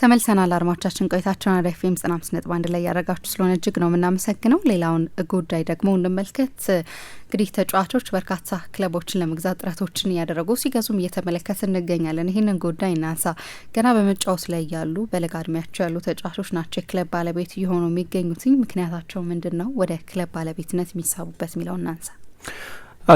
ተመልሰናል አድማቻችን ቆይታቸውን አራዳ ኤፍ ኤም ዘጠና አምስት ነጥብ አንድ ላይ ያደረጋችሁ ስለሆነ እጅግ ነው የምናመሰግነው። ሌላውን ጉዳይ ደግሞ እንመልከት። እንግዲህ ተጫዋቾች በርካታ ክለቦችን ለመግዛት ጥረቶችን እያደረጉ ሲገዙም እየተመለከት እንገኛለን። ይህንን ጉዳይ እናንሳ። ገና በመጫወት ላይ ያሉ በለጋ እድሜያቸው ያሉ ተጫዋቾች ናቸው የክለብ ባለቤት እየሆኑ የሚገኙትኝ ምክንያታቸው ምንድን ነው? ወደ ክለብ ባለቤትነት የሚሳቡበት የሚለው እናንሳ።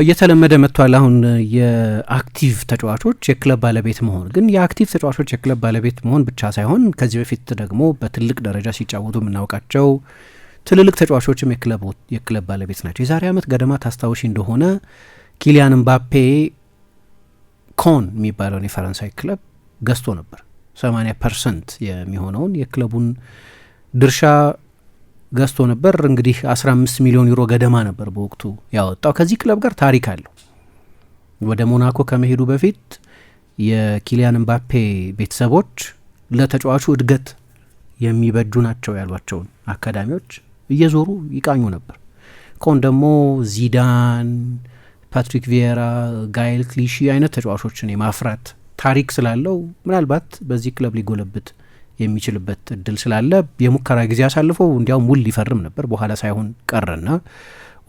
እየተለመደ መጥቷል። አሁን የአክቲቭ ተጫዋቾች የክለብ ባለቤት መሆን ግን የአክቲቭ ተጫዋቾች የክለብ ባለቤት መሆን ብቻ ሳይሆን ከዚህ በፊት ደግሞ በትልቅ ደረጃ ሲጫወቱ የምናውቃቸው ትልልቅ ተጫዋቾችም የክለብ ባለቤት ናቸው። የዛሬ ዓመት ገደማ ታስታውሽ እንደሆነ ኪሊያን ምባፔ ኮን የሚባለውን የፈረንሳይ ክለብ ገዝቶ ነበር። 80 ፐርሰንት የሚሆነውን የክለቡን ድርሻ ገዝቶ ነበር። እንግዲህ 15 ሚሊዮን ዩሮ ገደማ ነበር በወቅቱ ያወጣው። ከዚህ ክለብ ጋር ታሪክ አለው። ወደ ሞናኮ ከመሄዱ በፊት የኪሊያን ምባፔ ቤተሰቦች ለተጫዋቹ እድገት የሚበጁ ናቸው ያሏቸውን አካዳሚዎች እየዞሩ ይቃኙ ነበር። ከሆን ደግሞ ዚዳን፣ ፓትሪክ ቪየራ፣ ጋይል ክሊሺ አይነት ተጫዋቾችን የማፍራት ታሪክ ስላለው ምናልባት በዚህ ክለብ ሊጎለብት የሚችልበት እድል ስላለ የሙከራ ጊዜ አሳልፎ እንዲያውም ውል ሊፈርም ነበር፣ በኋላ ሳይሆን ቀረና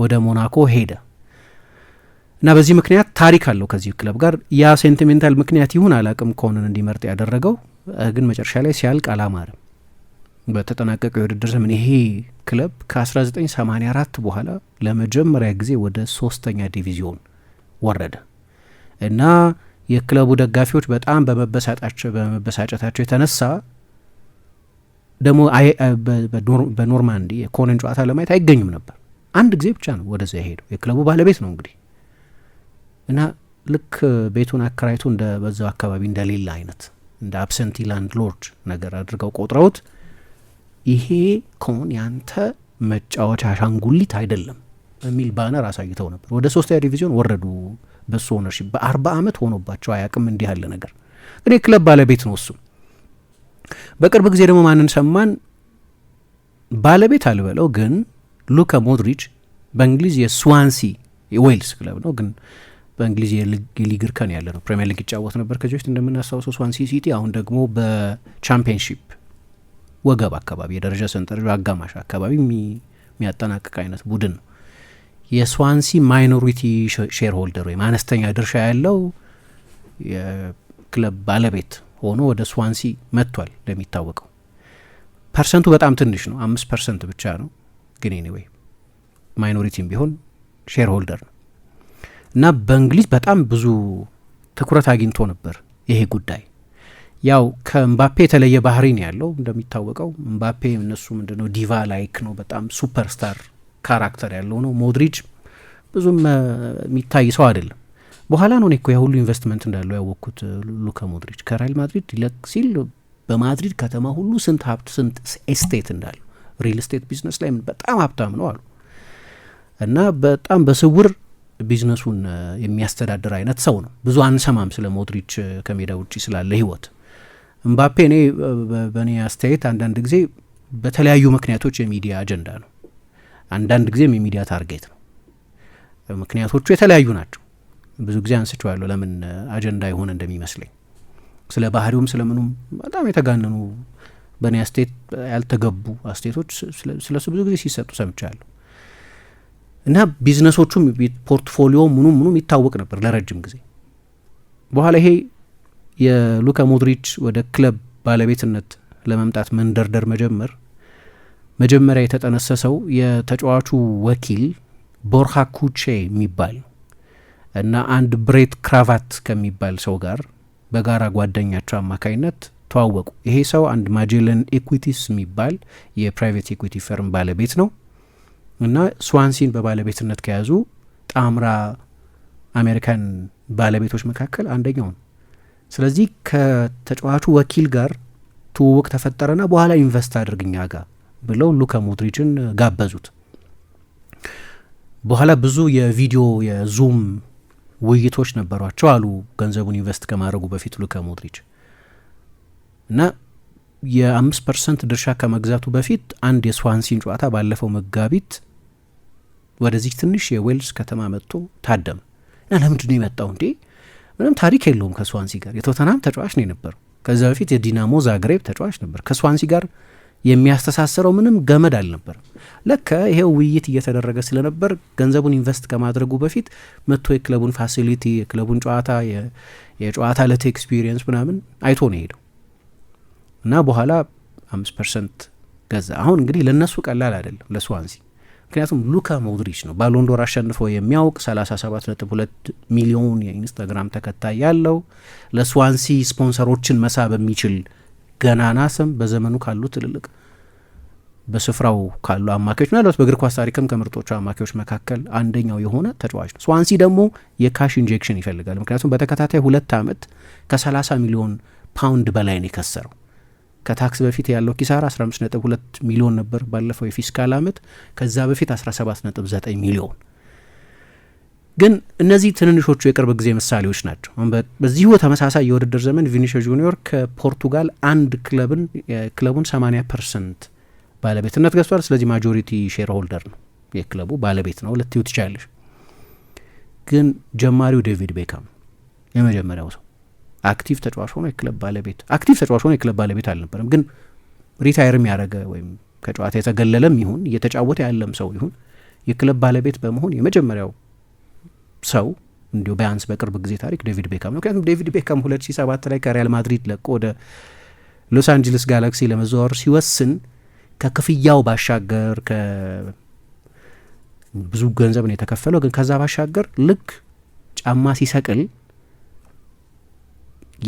ወደ ሞናኮ ሄደ እና በዚህ ምክንያት ታሪክ አለው ከዚህ ክለብ ጋር። ያ ሴንቲሜንታል ምክንያት ይሁን አላቅም ከሆነን እንዲመርጥ ያደረገው ግን መጨረሻ ላይ ሲያልቅ አላማርም። በተጠናቀቀ የውድድር ዘመን ይሄ ክለብ ከ1984 በኋላ ለመጀመሪያ ጊዜ ወደ ሶስተኛ ዲቪዚዮን ወረደ እና የክለቡ ደጋፊዎች በጣም በመበሳጫቸው የተነሳ ደግሞ በኖርማንዲ የኮነን ጨዋታ ለማየት አይገኙም ነበር። አንድ ጊዜ ብቻ ነው ወደዚያ የሄደው። የክለቡ ባለቤት ነው እንግዲህ እና ልክ ቤቱን አከራይቱ እንደ በዛው አካባቢ እንደሌለ አይነት እንደ አብሰንቲ ላንድ ሎርድ ነገር አድርገው ቆጥረውት ይሄ ኮን ያንተ መጫወቻ አሻንጉሊት አይደለም የሚል ባነር አሳይተው ነበር። ወደ ሶስተኛ ዲቪዚዮን ወረዱ በሱ ኦነርሺፕ። በአርባ አመት ሆኖባቸው አያውቅም እንዲህ ያለ ነገር። እንግዲህ የክለብ ባለቤት ነው እሱም በቅርብ ጊዜ ደግሞ ማንን ሰማን? ባለቤት አልበለው ግን ሉካ ሞድሪች በእንግሊዝ የስዋንሲ የዌልስ ክለብ ነው ግን በእንግሊዝ የሊግ እርከን ያለ ነው። ፕሪሚየር ሊግ ይጫወት ነበር ከዚህ በፊት እንደምናስታውሰው ስዋንሲ ሲቲ። አሁን ደግሞ በቻምፒየንሺፕ ወገብ አካባቢ የደረጃ ሰንጠረዡ አጋማሽ አካባቢ የሚያጠናቅቅ አይነት ቡድን ነው። የስዋንሲ ማይኖሪቲ ሼር ሆልደር ወይም አነስተኛ ድርሻ ያለው የክለብ ባለቤት ሆኖ ወደ ስዋንሲ መጥቷል። ለሚታወቀው ፐርሰንቱ በጣም ትንሽ ነው፣ አምስት ፐርሰንት ብቻ ነው። ግን ኒወይ ማይኖሪቲም ቢሆን ሼር ሆልደር ነው እና በእንግሊዝ በጣም ብዙ ትኩረት አግኝቶ ነበር ይሄ ጉዳይ። ያው ከእምባፔ የተለየ ባህሪ ነው ያለው እንደሚታወቀው። እምባፔ እነሱ ምንድነው ዲቫ ላይክ ነው፣ በጣም ሱፐርስታር ካራክተር ያለው ነው። ሞድሪጅ ብዙም የሚታይ ሰው አይደለም። በኋላ ነው እኮ ያሁሉ ኢንቨስትመንት እንዳለው ያወቅኩት። ሉካ ሞድሪች ከሪያል ማድሪድ ሊለቅ ሲል በማድሪድ ከተማ ሁሉ ስንት ሀብት ስንት ኤስቴት እንዳለው ሪል ስቴት ቢዝነስ ላይ በጣም ሀብታም ነው አሉ እና በጣም በስውር ቢዝነሱን የሚያስተዳድር አይነት ሰው ነው። ብዙ አንሰማም ስለ ሞድሪች ከሜዳ ውጭ ስላለ ህይወት። እምባፔ እኔ በእኔ አስተያየት አንዳንድ ጊዜ በተለያዩ ምክንያቶች የሚዲያ አጀንዳ ነው፣ አንዳንድ ጊዜም የሚዲያ ታርጌት ነው። ምክንያቶቹ የተለያዩ ናቸው። ብዙ ጊዜ አንስቼዋለሁ። ለምን አጀንዳ የሆነ እንደሚመስለኝ ስለ ባህሪውም ስለምኑም በጣም የተጋነኑ በእኔ አስቴት ያልተገቡ አስቴቶች ስለሱ ብዙ ጊዜ ሲሰጡ ሰምቻለሁ። እና ቢዝነሶቹም ፖርትፎሊዮ ምኑ ምኑም ይታወቅ ነበር ለረጅም ጊዜ። በኋላ ይሄ የሉካ ሞድሪች ወደ ክለብ ባለቤትነት ለመምጣት መንደርደር መጀመር መጀመሪያ የተጠነሰሰው የተጫዋቹ ወኪል ቦርሃ ኩቼ የሚባል ነው። እና አንድ ብሬት ክራቫት ከሚባል ሰው ጋር በጋራ ጓደኛቸው አማካኝነት ተዋወቁ። ይሄ ሰው አንድ ማጀለን ኤኩቲስ የሚባል የፕራይቬት ኤኩቲ ፈርም ባለቤት ነው እና ስዋንሲን በባለቤትነት ከያዙ ጣምራ አሜሪካን ባለቤቶች መካከል አንደኛው ነው። ስለዚህ ከተጫዋቹ ወኪል ጋር ትውውቅ ተፈጠረና በኋላ ኢንቨስት አድርግኛ ጋር ብለው ሉከ ሞድሪችን ጋበዙት። በኋላ ብዙ የቪዲዮ የዙም ውይይቶች ነበሯቸው አሉ ገንዘቡን ኢንቨስት ከማድረጉ በፊት ሉካ ሞድሪች እና የአምስት ፐርሰንት ድርሻ ከመግዛቱ በፊት አንድ የስዋንሲን ጨዋታ ባለፈው መጋቢት ወደዚህ ትንሽ የዌልስ ከተማ መጥቶ ታደመ እና ለምንድን ነው የመጣው እንዴ? ምንም ታሪክ የለውም ከስዋንሲ ጋር። የቶተናም ተጫዋች ነው የነበረው። ከዚያ በፊት የዲናሞ ዛግሬብ ተጫዋች ነበር። ከስዋንሲ ጋር የሚያስተሳስረው ምንም ገመድ አልነበርም። ለከ ይሄው ውይይት እየተደረገ ስለነበር ገንዘቡን ኢንቨስት ከማድረጉ በፊት መጥቶ የክለቡን ፋሲሊቲ፣ የክለቡን ጨዋታ፣ የጨዋታ ለት ኤክስፒሪየንስ ምናምን አይቶ ነው ሄደው እና በኋላ አምስት ፐርሰንት ገዛ። አሁን እንግዲህ ለእነሱ ቀላል አይደለም ለስዋንሲ ምክንያቱም ሉካ ሞድሪች ነው ባሎንዶር አሸንፎ የሚያውቅ 37.2 ሚሊዮን የኢንስታግራም ተከታይ ያለው ለስዋንሲ ስፖንሰሮችን መሳብ የሚችል ገናና ስም በዘመኑ ካሉ ትልልቅ በስፍራው ካሉ አማካዮች ምናልባት በእግር ኳስ ታሪክም ከምርጦቹ አማካዮች መካከል አንደኛው የሆነ ተጫዋች ነው። ስዋንሲ ደግሞ የካሽ ኢንጀክሽን ይፈልጋል። ምክንያቱም በተከታታይ ሁለት ዓመት ከ30 ሚሊዮን ፓውንድ በላይ ነው የከሰረው። ከታክስ በፊት ያለው ኪሳራ 15.2 ሚሊዮን ነበር ባለፈው የፊስካል ዓመት። ከዛ በፊት 17.9 ሚሊዮን ግን እነዚህ ትንንሾቹ የቅርብ ጊዜ ምሳሌዎች ናቸው። በዚሁ ተመሳሳይ የውድድር ዘመን ቪኒሽ ጁኒዮር ከፖርቱጋል አንድ ክለብን የክለቡን 80 ፐርሰንት ባለቤትነት ገዝቷል። ስለዚህ ማጆሪቲ ሼር ሆልደር ነው፣ የክለቡ ባለቤት ነው። ሁለት ይው ትችላለሽ። ግን ጀማሪው ዴቪድ ቤካም የመጀመሪያው ሰው አክቲቭ ተጫዋች ሆኖ የክለብ ባለቤት አክቲቭ ተጫዋች ሆኖ የክለብ ባለቤት አልነበረም። ግን ሪታይርም ያደረገ ወይም ከጨዋታ የተገለለም ይሁን እየተጫወተ ያለም ሰው ይሁን የክለብ ባለቤት በመሆን የመጀመሪያው ሰው እንዲሁ ቢያንስ በቅርብ ጊዜ ታሪክ ዴቪድ ቤካም ነው። ምክንያቱም ዴቪድ ቤካም 2007 ላይ ከሪያል ማድሪድ ለቆ ወደ ሎስ አንጀለስ ጋላክሲ ለመዘዋወር ሲወስን ከክፍያው ባሻገር ብዙ ገንዘብ ነው የተከፈለው፣ ግን ከዛ ባሻገር ልክ ጫማ ሲሰቅል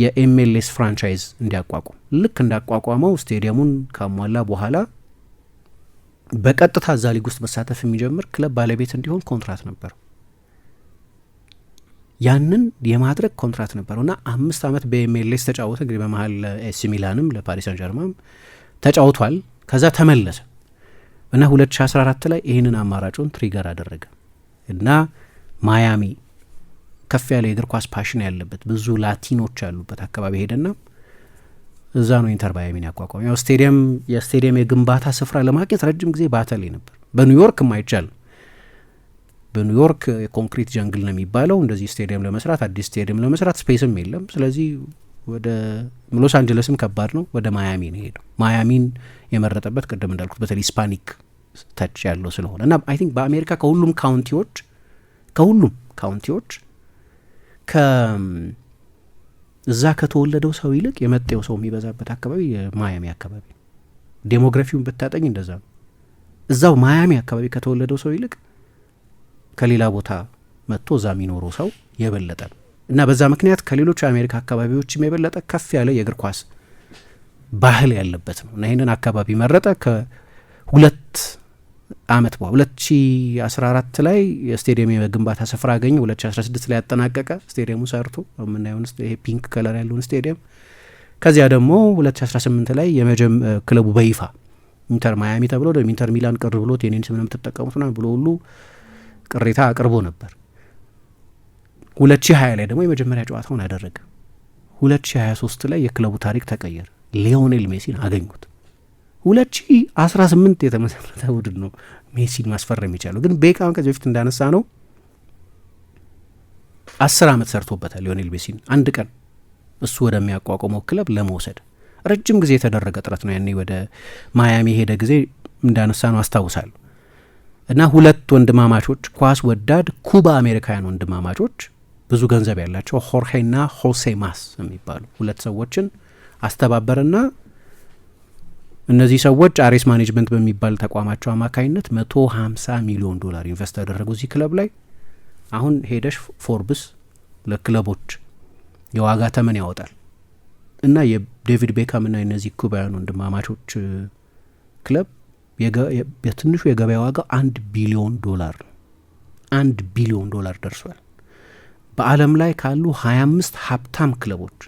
የኤምኤልኤስ ፍራንቻይዝ እንዲያቋቁም ልክ እንዳቋቋመው ስቴዲየሙን ካሟላ በኋላ በቀጥታ እዛ ሊግ ውስጥ መሳተፍ የሚጀምር ክለብ ባለቤት እንዲሆን ኮንትራት ነበር። ያንን የማድረግ ኮንትራት ነበረው እና አምስት ዓመት በኤምኤልኤስ ተጫወተ። እንግዲህ በመሀል ኤሲ ሚላንም ለፓሪስ ሳን ጀርማም ተጫውቷል። ከዛ ተመለሰ እና 2014 ላይ ይህንን አማራጩን ትሪገር አደረገ እና ማያሚ ከፍ ያለ የእግር ኳስ ፓሽን ያለበት ብዙ ላቲኖች ያሉበት አካባቢ ሄደና እዛ ነው ኢንተር ማያሚን ያቋቋመ። ያው ስቴዲየም የስቴዲየም የግንባታ ስፍራ ለማግኘት ረጅም ጊዜ ባተሌ ነበር። በኒውዮርክ አይቻልም በኒውዮርክ የኮንክሪት ጀንግል ነው የሚባለው። እንደዚህ ስቴዲየም ለመስራት አዲስ ስቴዲየም ለመስራት ስፔስም የለም። ስለዚህ ወደ ሎስ አንጀለስም ከባድ ነው። ወደ ማያሚ ነው ሄደው። ማያሚን የመረጠበት ቅድም እንዳልኩት በተለይ ስፓኒክ ተች ያለው ስለሆነ እና አይ ቲንክ በአሜሪካ ከሁሉም ካውንቲዎች ከሁሉም ካውንቲዎች እዛ ከተወለደው ሰው ይልቅ የመጤው ሰው የሚበዛበት አካባቢ የማያሚ አካባቢ ነው። ዴሞግራፊውን ብታጠኝ እንደዛ ነው። እዛው ማያሚ አካባቢ ከተወለደው ሰው ይልቅ ከሌላ ቦታ መጥቶ እዛ የሚኖረው ሰው የበለጠ ነው እና በዛ ምክንያት ከሌሎች የአሜሪካ አካባቢዎችም የበለጠ ከፍ ያለ የእግር ኳስ ባህል ያለበት ነው እና ይህንን አካባቢ መረጠ። ከሁለት አመት በኋላ አራት ላይ ስቴዲየም የግንባታ ስፍራ አገኘ። ሁለት ሺ አስራ ስድስት ላይ ያጠናቀቀ ስቴዲየሙ ሰርቶ የምናየውን ይሄ ፒንክ ከለር ያለውን ስቴዲየም ከዚያ ደግሞ 2018 ላይ የመጀም ክለቡ በይፋ ኢንተር ማያሚ ተብሎ ኢንተር ሚላን ቅር ብሎት የኔን ስም ነው የምትጠቀሙት ብሎ ሁሉ ቅሬታ አቅርቦ ነበር። 2020 ላይ ደግሞ የመጀመሪያ ጨዋታውን አደረገ። 2023 ላይ የክለቡ ታሪክ ተቀየረ። ሊዮኔል ሜሲን አገኙት። 2018 የተመሰረተ ቡድን ነው ሜሲን ማስፈረም የቻለው። ግን ቤካም ከዚህ በፊት እንዳነሳ ነው አስር ዓመት ሰርቶበታል። ሊዮኔል ሜሲን አንድ ቀን እሱ ወደሚያቋቁመው ክለብ ለመውሰድ ረጅም ጊዜ የተደረገ ጥረት ነው። ያኔ ወደ ማያሚ ሄደ ጊዜ እንዳነሳ ነው አስታውሳለሁ። እና ሁለት ወንድማማቾች ኳስ ወዳድ ኩባ አሜሪካውያን ወንድማማቾች ብዙ ገንዘብ ያላቸው ሆርሄና ሆሴ ማስ የሚባሉ ሁለት ሰዎችን አስተባበረና እነዚህ ሰዎች አሬስ ማኔጅመንት በሚባል ተቋማቸው አማካኝነት መቶ ሀምሳ ሚሊዮን ዶላር ኢንቨስት ያደረጉ እዚህ ክለብ ላይ። አሁን ሄደሽ ፎርብስ ለክለቦች የዋጋ ተመን ያወጣል እና የዴቪድ ና የነዚህ ኩባውያን ወንድማማቾች ክለብ በትንሹ የገበያ ዋጋው አንድ ቢሊዮን ዶላር ነው። አንድ ቢሊዮን ዶላር ደርሷል። በዓለም ላይ ካሉ 25 ሀብታም ክለቦች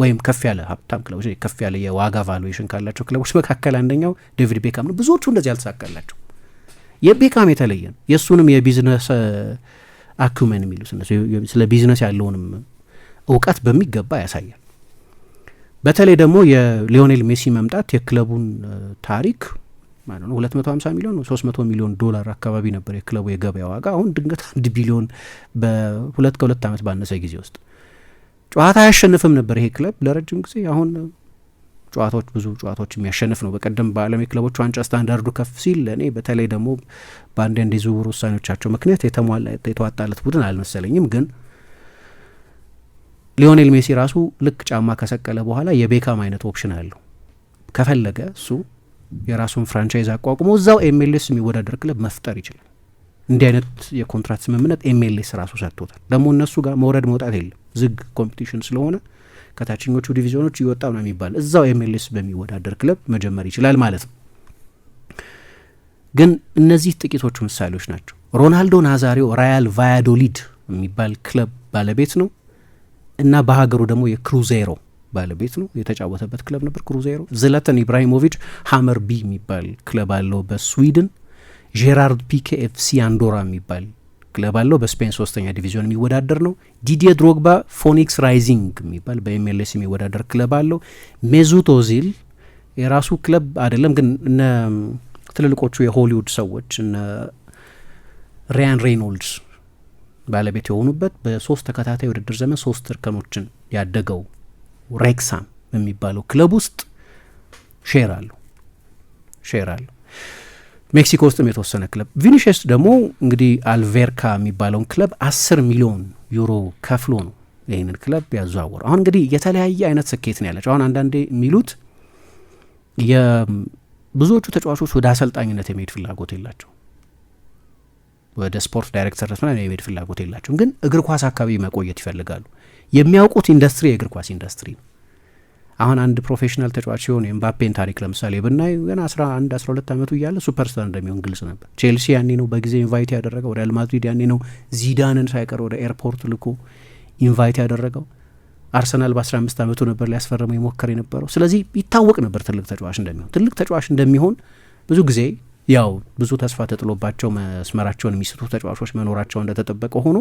ወይም ከፍ ያለ ሀብታም ክለቦች ከፍ ያለ የዋጋ ቫሉዌሽን ካላቸው ክለቦች መካከል አንደኛው ዴቪድ ቤካም ነው። ብዙዎቹ እንደዚህ አልተሳካላቸው። የቤካም የተለየ ነው። የእሱንም የቢዝነስ አኩመን የሚሉት ስለ ቢዝነስ ያለውንም እውቀት በሚገባ ያሳያል። በተለይ ደግሞ የሊዮኔል ሜሲ መምጣት የክለቡን ታሪክ ማለት ነው። 250 ሚሊዮን 300 ሚሊዮን ዶላር አካባቢ ነበር የክለቡ የገበያ ዋጋ። አሁን ድንገት አንድ ቢሊዮን በሁለት ከሁለት ዓመት ባነሰ ጊዜ ውስጥ ጨዋታ አያሸንፍም ነበር ይሄ ክለብ ለረጅም ጊዜ። አሁን ጨዋታዎች ብዙ ጨዋታዎች የሚያሸንፍ ነው። በቀደም በዓለም የክለቦች ዋንጫ ስታንዳርዱ ከፍ ሲል እኔ በተለይ ደግሞ በአንዳንድ የዝውውር ውሳኔዎቻቸው ምክንያት የተሟላ የተዋጣለት ቡድን አልመሰለኝም። ግን ሊዮኔል ሜሲ ራሱ ልክ ጫማ ከሰቀለ በኋላ የቤካም አይነት ኦፕሽን አለው ከፈለገ እሱ የራሱን ፍራንቻይዝ አቋቁሞ እዛው ኤምኤልኤስ የሚወዳደር ክለብ መፍጠር ይችላል። እንዲህ አይነት የኮንትራት ስምምነት ኤምኤልኤስ ራሱ ሰጥቶታል። ደግሞ እነሱ ጋር መውረድ መውጣት የለም ዝግ ኮምፒቲሽን ስለሆነ ከታችኞቹ ዲቪዚዮኖች እየወጣ ነው የሚባል እዛው ኤምኤልኤስ በሚወዳደር ክለብ መጀመር ይችላል ማለት ነው። ግን እነዚህ ጥቂቶቹ ምሳሌዎች ናቸው። ሮናልዶ ናዛሪዮ ራያል ቫያዶሊድ የሚባል ክለብ ባለቤት ነው እና በሀገሩ ደግሞ የክሩዜሮ ባለቤት ነው። የተጫወተበት ክለብ ነበር ክሩዜሮ። ዝለተን ኢብራሂሞቪች ሀመር ቢ የሚባል ክለብ አለው በስዊድን። ጄራርድ ፒኬ ኤፍሲ አንዶራ የሚባል ክለብ አለው በስፔን ሶስተኛ ዲቪዚዮን የሚወዳደር ነው። ዲዲየ ድሮግባ ፎኒክስ ራይዚንግ የሚባል በኤምኤልኤስ የሚወዳደር ክለብ አለው። ሜሱት ኦዚል የራሱ ክለብ አይደለም ግን እነ ትልልቆቹ የሆሊውድ ሰዎች እነ ሪያን ሬይኖልድስ ባለቤት የሆኑበት በሶስት ተከታታይ ውድድር ዘመን ሶስት እርከኖችን ያደገው ሬክሳም በሚባለው ክለብ ውስጥ ሼር አሉ ሼር አሉ። ሜክሲኮ ውስጥም የተወሰነ ክለብ ቪኒሽስ ደግሞ እንግዲህ አልቬርካ የሚባለውን ክለብ አስር ሚሊዮን ዩሮ ከፍሎ ነው ይህንን ክለብ ያዘዋወሩ። አሁን እንግዲህ የተለያየ አይነት ስኬት ነው ያለችው። አሁን አንዳንዴ የሚሉት የብዙዎቹ ተጫዋቾች ወደ አሰልጣኝነት የሚሄድ ፍላጎት የላቸው ወደ ስፖርት ዳይሬክተርነት የመሄድ ፍላጎት የላቸውም፣ ግን እግር ኳስ አካባቢ መቆየት ይፈልጋሉ። የሚያውቁት ኢንዱስትሪ የእግር ኳስ ኢንዱስትሪ ነው። አሁን አንድ ፕሮፌሽናል ተጫዋች ሲሆን ኤምባፔን ታሪክ ለምሳሌ ብናይ ገና 11 12 ዓመቱ እያለ ሱፐርስታር እንደሚሆን ግልጽ ነበር። ቼልሲ ያኔ ነው በጊዜ ኢንቫይት ያደረገው። ሪያል ማድሪድ ያኔ ነው ዚዳንን ሳይቀር ወደ ኤርፖርት ልኮ ኢንቫይት ያደረገው። አርሰናል በ15 ዓመቱ ነበር ሊያስፈርመው የሞከር የነበረው። ስለዚህ ይታወቅ ነበር ትልቅ ተጫዋች እንደሚሆን። ትልቅ ተጫዋች እንደሚሆን ብዙ ጊዜ ያው ብዙ ተስፋ ተጥሎባቸው መስመራቸውን የሚስቱ ተጫዋቾች መኖራቸው እንደተጠበቀ ሆኖ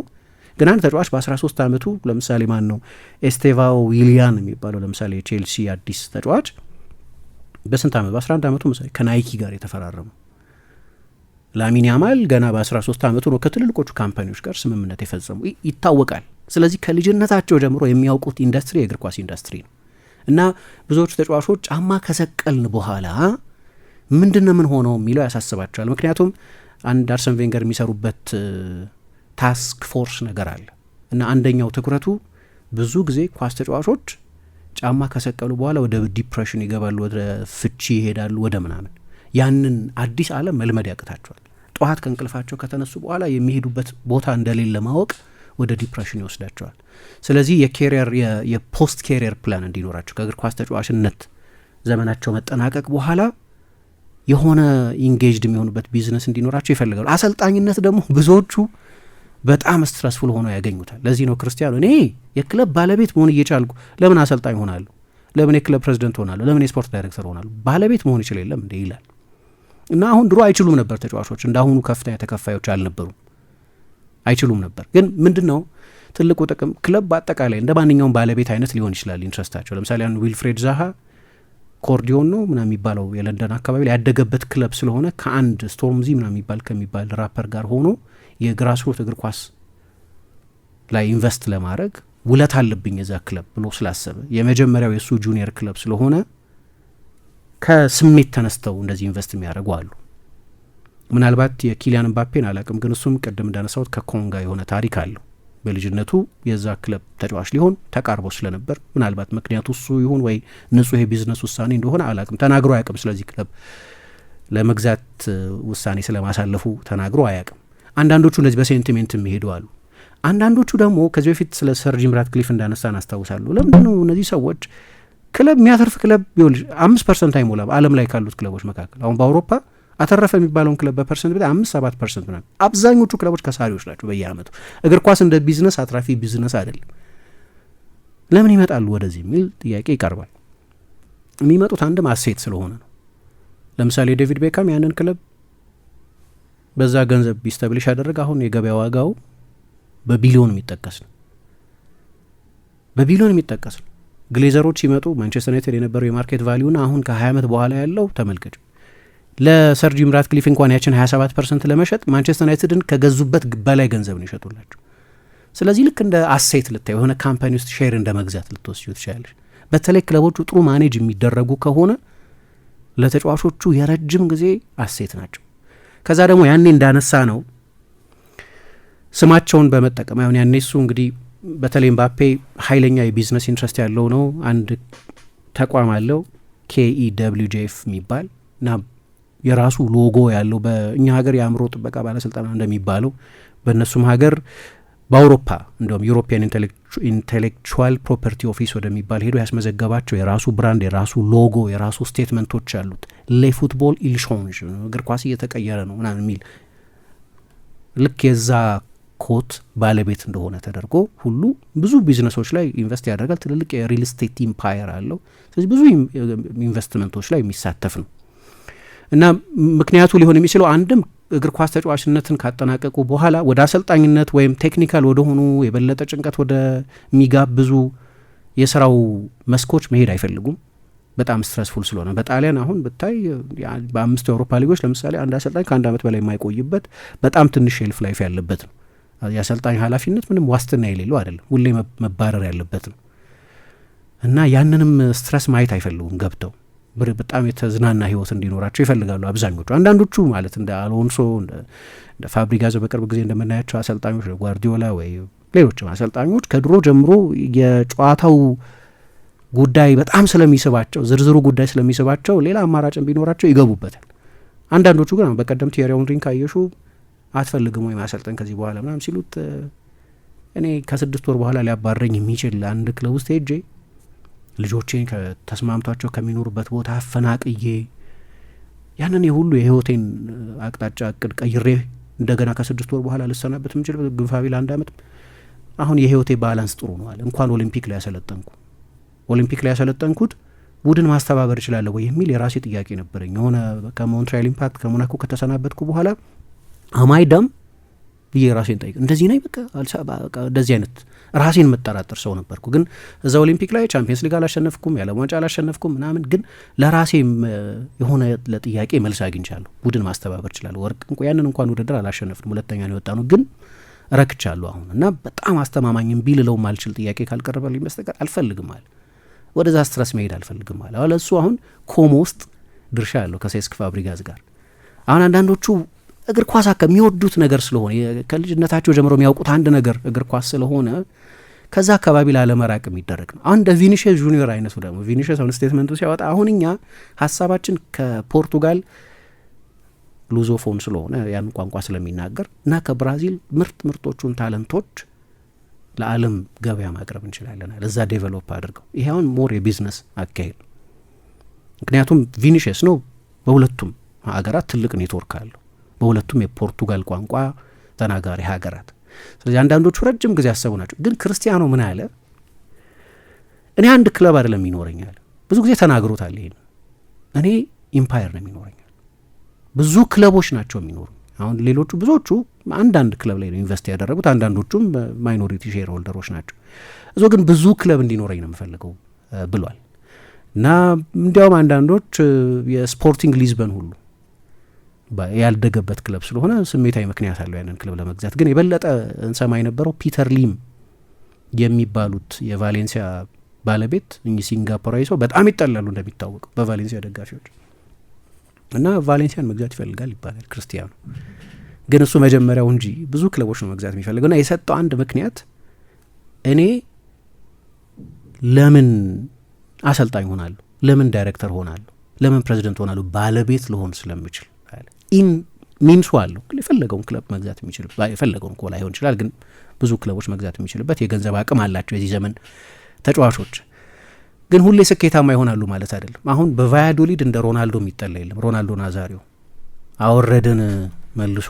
ግን አንድ ተጫዋች በ13 ዓመቱ ለምሳሌ ማን ነው ኤስቴቫው ዊሊያን የሚባለው ለምሳሌ የቼልሲ አዲስ ተጫዋች በስንት ዓመት በ11 ዓመቱ ከናይኪ ጋር የተፈራረሙ ላሚን ያማል ገና በ13 ዓመቱ ነው ከትልልቆቹ ካምፓኒዎች ጋር ስምምነት የፈጸሙ ይታወቃል። ስለዚህ ከልጅነታቸው ጀምሮ የሚያውቁት ኢንዱስትሪ የእግር ኳስ ኢንዱስትሪ ነው እና ብዙዎቹ ተጫዋቾች ጫማ ከሰቀልን በኋላ ምንድን ነው ምን ሆነው የሚለው ያሳስባቸዋል። ምክንያቱም አንድ አርሰን ቬንገር የሚሰሩበት ታስክ ፎርስ ነገር አለ እና አንደኛው ትኩረቱ ብዙ ጊዜ ኳስ ተጫዋቾች ጫማ ከሰቀሉ በኋላ ወደ ዲፕሬሽን ይገባሉ፣ ወደ ፍቺ ይሄዳሉ፣ ወደ ምናምን። ያንን አዲስ ዓለም መልመድ ያቅታቸዋል። ጠዋት ከእንቅልፋቸው ከተነሱ በኋላ የሚሄዱበት ቦታ እንደሌለ ማወቅ ወደ ዲፕሬሽን ይወስዳቸዋል። ስለዚህ የኬሪየር የፖስት ኬሪየር ፕላን እንዲኖራቸው ከእግር ኳስ ተጫዋችነት ዘመናቸው መጠናቀቅ በኋላ የሆነ ኢንጌጅድ የሚሆኑበት ቢዝነስ እንዲኖራቸው ይፈልጋሉ። አሰልጣኝነት ደግሞ ብዙዎቹ በጣም ስትረስፉል ሆኖ ያገኙታል። ለዚህ ነው ክርስቲያኖ እኔ የክለብ ባለቤት መሆን እየቻልኩ ለምን አሰልጣኝ ሆናለሁ? ለምን የክለብ ፕሬዚደንት ሆናለሁ? ለምን የስፖርት ዳይሬክተር ሆናለሁ? ባለቤት መሆን ይችል የለም እንደ ይላል እና አሁን ድሮ አይችሉም ነበር ተጫዋቾች እንዳሁኑ ከፍተኛ ተከፋዮች አልነበሩም፣ አይችሉም ነበር። ግን ምንድን ነው ትልቁ ጥቅም ክለብ በአጠቃላይ እንደ ማንኛውም ባለቤት አይነት ሊሆን ይችላል ኢንትረስታቸው። ለምሳሌ አሁን ዊልፍሬድ ዛሃ አኮርዲዮን ነው ምና የሚባለው የለንደን አካባቢ ላይ ያደገበት ክለብ ስለሆነ ከአንድ ስቶርምዚ ምና የሚባል ከሚባል ራፐር ጋር ሆኖ የግራስሮት እግር ኳስ ላይ ኢንቨስት ለማድረግ ውለት አለብኝ የዛ ክለብ ብሎ ስላሰበ የመጀመሪያው የእሱ ጁኒየር ክለብ ስለሆነ ከስሜት ተነስተው እንደዚህ ኢንቨስት የሚያደርጉ አሉ። ምናልባት የኪሊያን ምባፔን አላቅም፣ ግን እሱም ቅድም እንዳነሳሁት ከኮንጋ የሆነ ታሪክ አለው። በልጅነቱ የዛ ክለብ ተጫዋች ሊሆን ተቃርቦ ስለነበር ምናልባት ምክንያቱ እሱ ይሁን ወይ ንጹህ የቢዝነስ ውሳኔ እንደሆነ አላቅም፣ ተናግሮ አያቅም። ስለዚህ ክለብ ለመግዛት ውሳኔ ስለማሳለፉ ተናግሮ አያቅም። አንዳንዶቹ እንደዚህ በሴንቲሜንት የሚሄዱ አሉ። አንዳንዶቹ ደግሞ ከዚህ በፊት ስለ ሰር ጂም ራትክሊፍ እንዳነሳ እናስታውሳለሁ። ነው እነዚህ ሰዎች ክለብ የሚያተርፍ ክለብ ቢሆን አምስት ፐርሰንት አይሞላም አለም ላይ ካሉት ክለቦች መካከል አሁን በአውሮፓ አተረፈ የሚባለውን ክለብ በፐርሰንት ብ አምስት ሰባት ፐርሰንት ምናምን። አብዛኞቹ ክለቦች ከሳሪዎች ናቸው በየአመቱ። እግር ኳስ እንደ ቢዝነስ አትራፊ ቢዝነስ አይደለም። ለምን ይመጣሉ ወደዚህ የሚል ጥያቄ ይቀርባል። የሚመጡት አንድም አሴት ስለሆነ ነው። ለምሳሌ ዴቪድ ቤካም ያንን ክለብ በዛ ገንዘብ ቢስተብሊሽ ያደረግ አሁን የገበያ ዋጋው በቢሊዮን የሚጠቀስ ነው። በቢሊዮን የሚጠቀስ ነው። ግሌዘሮች ሲመጡ ማንቸስተር ዩናይትድ የነበረው የማርኬት ቫሊዩና አሁን ከሀያ ዓመት በኋላ ያለው ተመልከች። ለሰር ጂም ራትክሊፍ እንኳን ያችን 27 ፐርሰንት ለመሸጥ ማንቸስተር ዩናይትድን ከገዙበት በላይ ገንዘብ ነው ይሸጡላቸው። ስለዚህ ልክ እንደ አሴት ልታዩ የሆነ ካምፓኒ ውስጥ ሼር እንደ መግዛት ልትወስዩ ትችላለች። በተለይ ክለቦቹ ጥሩ ማኔጅ የሚደረጉ ከሆነ ለተጫዋቾቹ የረጅም ጊዜ አሴት ናቸው። ከዛ ደግሞ ያኔ እንዳነሳ ነው ስማቸውን በመጠቀም አሁን ያኔ እሱ እንግዲህ በተለይ ምባፔ ኃይለኛ የቢዝነስ ኢንትረስት ያለው ነው። አንድ ተቋም አለው ኬኢ ደብሊው ጄ ኤፍ የሚባል እና የራሱ ሎጎ ያለው በእኛ ሀገር የአእምሮ ጥበቃ ባለስልጠና እንደሚባለው በእነሱም ሀገር በአውሮፓ እንዲሁም ዩሮፒያን ኢንቴሌክቹዋል ፕሮፐርቲ ኦፊስ ወደሚባል ሄዶ ያስመዘገባቸው የራሱ ብራንድ፣ የራሱ ሎጎ፣ የራሱ ስቴትመንቶች አሉት። ለፉትቦል ኢልሾንጅ እግር ኳስ እየተቀየረ ነው ምናምን የሚል ልክ የዛ ኮት ባለቤት እንደሆነ ተደርጎ ሁሉ ብዙ ቢዝነሶች ላይ ኢንቨስት ያደርጋል። ትልልቅ የሪል ስቴት ኢምፓየር አለው። ስለዚህ ብዙ ኢንቨስትመንቶች ላይ የሚሳተፍ ነው። እና ምክንያቱ ሊሆን የሚችለው አንድም እግር ኳስ ተጫዋችነትን ካጠናቀቁ በኋላ ወደ አሰልጣኝነት ወይም ቴክኒካል ወደሆኑ የበለጠ ጭንቀት ወደሚጋብዙ የስራው መስኮች መሄድ አይፈልጉም። በጣም ስትረስፉል ስለሆነ በጣሊያን አሁን ብታይ በአምስቱ የአውሮፓ ሊጎች ለምሳሌ አንድ አሰልጣኝ ከአንድ አመት በላይ የማይቆይበት በጣም ትንሽ ሼልፍ ላይፍ ያለበት ነው። የአሰልጣኝ ኃላፊነት ምንም ዋስትና የሌለው አይደለም፣ ሁሌ መባረር ያለበት ነው እና ያንንም ስትረስ ማየት አይፈልጉም ገብተው በጣም የተዝናና ህይወት እንዲኖራቸው ይፈልጋሉ አብዛኞቹ። አንዳንዶቹ ማለት እንደ አሎንሶ እንደ ፋብሪጋዞ በቅርብ ጊዜ እንደምናያቸው አሰልጣኞች ጓርዲዮላ ወይ ሌሎችም አሰልጣኞች ከድሮ ጀምሮ የጨዋታው ጉዳይ በጣም ስለሚስባቸው ዝርዝሩ ጉዳይ ስለሚስባቸው ሌላ አማራጭን ቢኖራቸው ይገቡበታል። አንዳንዶቹ ግን በቀደም ቲዬሪ ሄንሪን ካየሹ አትፈልግም ወይ ማሰልጠን ከዚህ በኋላ ምናምን ሲሉት እኔ ከስድስት ወር በኋላ ሊያባረኝ የሚችል አንድ ክለብ ውስጥ ሄጄ ልጆቼን ተስማምቷቸው ከሚኖሩበት ቦታ አፈናቅዬ ያንን የሁሉ የህይወቴን አቅጣጫ እቅድ ቀይሬ እንደገና ከስድስት ወር በኋላ ልሰናበት የምችል ግንፋቢ ለአንድ አመት አሁን የህይወቴ ባላንስ ጥሩ ነዋል። እንኳን ኦሊምፒክ ላይ ያሰለጠንኩ ኦሊምፒክ ላይ ያሰለጠንኩት ቡድን ማስተባበር እችላለሁ ወይ የሚል የራሴ ጥያቄ ነበረኝ። የሆነ ከሞንትሪያል ኢምፓክት ከሞናኮ ከተሰናበትኩ በኋላ አማይ ዳም ብዬ ራሴን ጠይቅ እንደዚህ ነኝ በቃ እንደዚህ አይነት ራሴን የምጠራጠር ሰው ነበርኩ። ግን እዛ ኦሊምፒክ ላይ ቻምፒየንስ ሊግ አላሸነፍኩም፣ የዓለም ዋንጫ አላሸነፍኩም ምናምን፣ ግን ለራሴ የሆነ ለጥያቄ መልስ አግኝቻለሁ። ቡድን ማስተባበር ይችላል። ወርቅ ያንን እንኳን ውድድር አላሸነፍንም፣ ሁለተኛ ነው የወጣ ነው ግን ረክቻለሁ አሁን እና በጣም አስተማማኝም ቢልለው ማልችል ጥያቄ ካልቀረበልኝ በስተቀር አልፈልግም አለ። ወደዛ ስትረስ መሄድ አልፈልግም አለ። እሱ አሁን ኮሞ ውስጥ ድርሻ ያለው ከሴስክ ፋብሪጋዝ ጋር። አሁን አንዳንዶቹ እግር ኳስ አካ የሚወዱት ነገር ስለሆነ ከልጅነታቸው ጀምሮ የሚያውቁት አንድ ነገር እግር ኳስ ስለሆነ ከዛ አካባቢ ላለመራቅ የሚደረግ ነው። አሁን እንደ ቪኒሽስ ጁኒየር አይነቱ ደግሞ ቪኒሽስ አሁን ስቴትመንቱ ሲያወጣ አሁን እኛ ሀሳባችን ከፖርቱጋል ሉዞፎን ስለሆነ ያን ቋንቋ ስለሚናገር እና ከብራዚል ምርጥ ምርጦቹን ታለንቶች ለዓለም ገበያ ማቅረብ እንችላለን እዛ ዴቨሎፕ አድርገው። ይሄ አሁን ሞር የቢዝነስ አካሄድ ምክንያቱም ቪኒሽስ ነው በሁለቱም ሀገራት ትልቅ ኔትወርክ አለው። በሁለቱም የፖርቱጋል ቋንቋ ተናጋሪ ሀገራት። ስለዚህ አንዳንዶቹ ረጅም ጊዜ ያሰቡ ናቸው። ግን ክርስቲያኖ ምን አለ? እኔ አንድ ክለብ አይደለም ይኖረኛል። ብዙ ጊዜ ተናግሮታል ይሄን። እኔ ኢምፓየር ነው የሚኖረኛል። ብዙ ክለቦች ናቸው የሚኖሩ። አሁን ሌሎቹ ብዙዎቹ አንዳንድ ክለብ ላይ ነው ኢንቨስት ያደረጉት፣ አንዳንዶቹም ማይኖሪቲ ሼር ሆልደሮች ናቸው። እዞ ግን ብዙ ክለብ እንዲኖረኝ ነው የምፈልገው ብሏል። እና እንዲያውም አንዳንዶች የስፖርቲንግ ሊዝበን ሁሉ ያልደገበት ክለብ ስለሆነ ስሜታዊ ምክንያት አለው ያንን ክለብ ለመግዛት። ግን የበለጠ እንሰማ የነበረው ፒተር ሊም የሚባሉት የቫሌንሲያ ባለቤት እኚህ ሲንጋፖራዊ ሰው በጣም ይጠላሉ እንደሚታወቀው በቫሌንሲያ ደጋፊዎች እና ቫሌንሲያን መግዛት ይፈልጋል ይባላል ክርስቲያኑ። ግን እሱ መጀመሪያው እንጂ ብዙ ክለቦች ነው መግዛት የሚፈልገው እና የሰጠው አንድ ምክንያት እኔ ለምን አሰልጣኝ ሆናለሁ፣ ለምን ዳይሬክተር ሆናለሁ፣ ለምን ፕሬዚደንት ሆናለሁ ባለቤት ልሆን ስለምችል ኢን ሚንሱ አለው የፈለገውን ክለብ መግዛት የሚችል የፈለገውን እኮ ላይሆን ይችላል፣ ግን ብዙ ክለቦች መግዛት የሚችልበት የገንዘብ አቅም አላቸው የዚህ ዘመን ተጫዋቾች። ግን ሁሌ ስኬታማ ይሆናሉ ማለት አይደለም። አሁን በቫያዶሊድ እንደ ሮናልዶ የሚጠላ የለም። ሮናልዶ ናዛሪዮ አወረድን መልሶ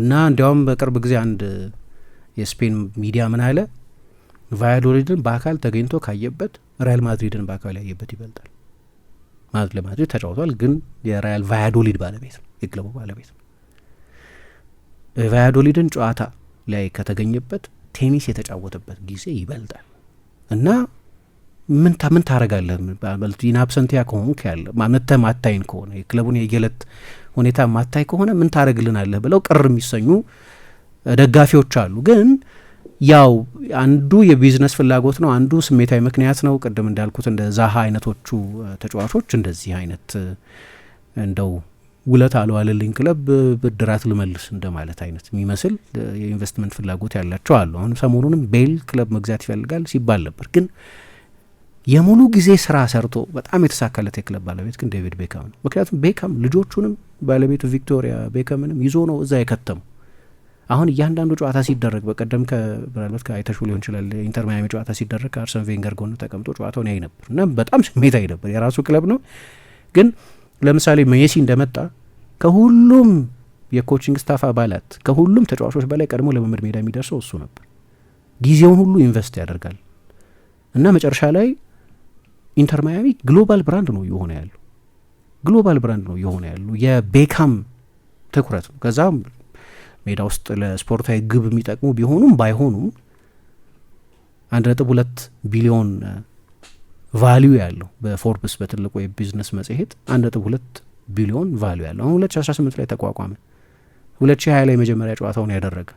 እና እንዲያውም በቅርብ ጊዜ አንድ የስፔን ሚዲያ ምን አለ፣ ቫያዶሊድን በአካል ተገኝቶ ካየበት ሪያል ማድሪድን በአካል ያየበት ይበልጣል። ማለት ለማድሪድ ተጫውቷል፣ ግን የሪያል ቫያዶሊድ ባለቤት ነው። የክለቡ ባለቤት ነው። ቫያዶሊድን ጨዋታ ላይ ከተገኘበት ቴኒስ የተጫወተበት ጊዜ ይበልጣል እና ምን ምን ታረጋለህ? ኢንአብሰንቲያ ከሆንክ ያለ ማመተ ማታይን ከሆነ የክለቡን የየለት ሁኔታ ማታይ ከሆነ ምን ታረግልናለህ? ብለው ቅር የሚሰኙ ደጋፊዎች አሉ። ግን ያው አንዱ የቢዝነስ ፍላጎት ነው፣ አንዱ ስሜታዊ ምክንያት ነው። ቅድም እንዳልኩት እንደ ዛሀ አይነቶቹ ተጫዋቾች እንደዚህ አይነት እንደው ውለት አልዋለልኝ ክለብ ብድራት ልመልስ እንደማለት አይነት የሚመስል የኢንቨስትመንት ፍላጎት ያላቸው አሉ። አሁን ሰሞኑንም ቤል ክለብ መግዛት ይፈልጋል ሲባል ነበር። ግን የሙሉ ጊዜ ስራ ሰርቶ በጣም የተሳካለት የክለብ ባለቤት ግን ዴቪድ ቤካም ነው። ምክንያቱም ቤካም ልጆቹንም ባለቤቱ ቪክቶሪያ ቤከምንም ይዞ ነው እዛ የከተሙ። አሁን እያንዳንዱ ጨዋታ ሲደረግ በቀደም ምናልባት ከአይተሹ ሊሆን ይችላል ኢንተር ማያሚ ጨዋታ ሲደረግ ከአርሰን ቬንገር ጎን ተቀምጦ ጨዋታውን ያይ ነበር እና በጣም ስሜታዊ ነበር። የራሱ ክለብ ነው ግን ለምሳሌ ሜሲ እንደመጣ ከሁሉም የኮችንግ ስታፍ አባላት ከሁሉም ተጫዋቾች በላይ ቀድሞ ለመምር ሜዳ የሚደርሰው እሱ ነበር። ጊዜውን ሁሉ ኢንቨስት ያደርጋል እና መጨረሻ ላይ ኢንተር ማያሚ ግሎባል ብራንድ ነው የሆነ ያሉ ግሎባል ብራንድ ነው የሆነ ያሉ የቤካም ትኩረት ነው። ከዛም ሜዳ ውስጥ ለስፖርታዊ ግብ የሚጠቅሙ ቢሆኑም ባይሆኑም አንድ ነጥብ ሁለት ቢሊዮን ቫሊዩ ያለው በፎርብስ በትልቁ የቢዝነስ መጽሔት አንድ ነጥብ ሁለት ቢሊዮን ቫሊዩ ያለው አሁን ሁለት ሺ አስራ ስምንት ላይ ተቋቋመ። ሁለት ሺ ሀያ ላይ የመጀመሪያ ጨዋታውን ያደረገ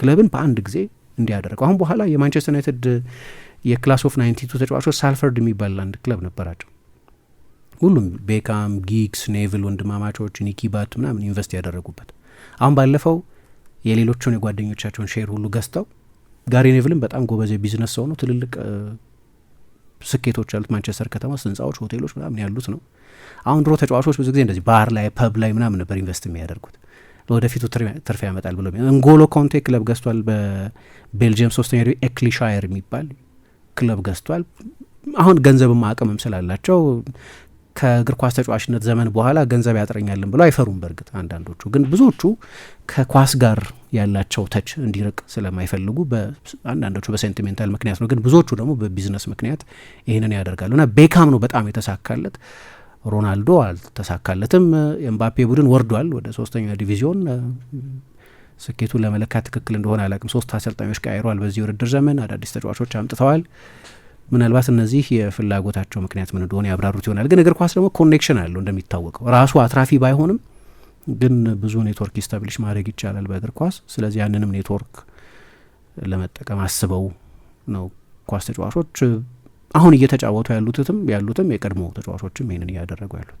ክለብን በአንድ ጊዜ እንዲያደረገው አሁን በኋላ የማንቸስተር ዩናይትድ የክላስ ኦፍ ናይንቲ ቱ ተጫዋቾች ሳልፈርድ የሚባል አንድ ክለብ ነበራቸው። ሁሉም ቤካም፣ ጊግስ፣ ኔቪል ወንድማማቾች፣ ኒኪባት ምናምን ኢንቨስት ያደረጉበት አሁን ባለፈው የሌሎቹን የጓደኞቻቸውን ሼር ሁሉ ገዝተው ጋሪ ኔቪልን በጣም ጎበዝ ቢዝነስ ሰው ነው። ትልልቅ ስኬቶች ያሉት ማንቸስተር ከተማ ውስጥ ህንጻዎች፣ ሆቴሎች ምናምን ያሉት ነው። አሁን ድሮ ተጫዋቾች ብዙ ጊዜ እንደዚህ ባህር ላይ ፐብ ላይ ምናምን ነበር ኢንቨስት የሚያደርጉት ወደፊቱ ትርፍ ያመጣል ብሎ እንጎሎ ኮንቴ ክለብ ገዝቷል። በቤልጅየም ሶስተኛ ዲ ኤክሊሻየር የሚባል ክለብ ገዝቷል። አሁን ገንዘብም አቅምም ስላላቸው ከእግር ኳስ ተጫዋችነት ዘመን በኋላ ገንዘብ ያጥረኛልን ብለው አይፈሩም። በእርግጥ አንዳንዶቹ ግን ብዙዎቹ ከኳስ ጋር ያላቸው ተች እንዲርቅ ስለማይፈልጉ አንዳንዶቹ በሴንቲሜንታል ምክንያት ነው፣ ግን ብዙዎቹ ደግሞ በቢዝነስ ምክንያት ይህንን ያደርጋሉ እና ቤካም ነው በጣም የተሳካለት። ሮናልዶ አልተሳካለትም። ኤምባፔ ቡድን ወርዷል ወደ ሶስተኛ ዲቪዚዮን። ስኬቱ ለመለካት ትክክል እንደሆነ አላቅም። ሶስት አሰልጣኞች ቀያይሯል በዚህ ውድድር ዘመን አዳዲስ ተጫዋቾች አምጥተዋል። ምናልባት እነዚህ የፍላጎታቸው ምክንያት ምን እንደሆነ ያብራሩት ይሆናል። ግን እግር ኳስ ደግሞ ኮኔክሽን አለው እንደሚታወቀው ራሱ አትራፊ ባይሆንም ግን ብዙ ኔትወርክ ኢስታብሊሽ ማድረግ ይቻላል በእግር ኳስ። ስለዚህ ያንንም ኔትወርክ ለመጠቀም አስበው ነው ኳስ ተጫዋቾች አሁን እየተጫወቱ ያሉትትም ያሉትም የቀድሞ ተጫዋቾችም ይህንን እያደረጉ ያሉት።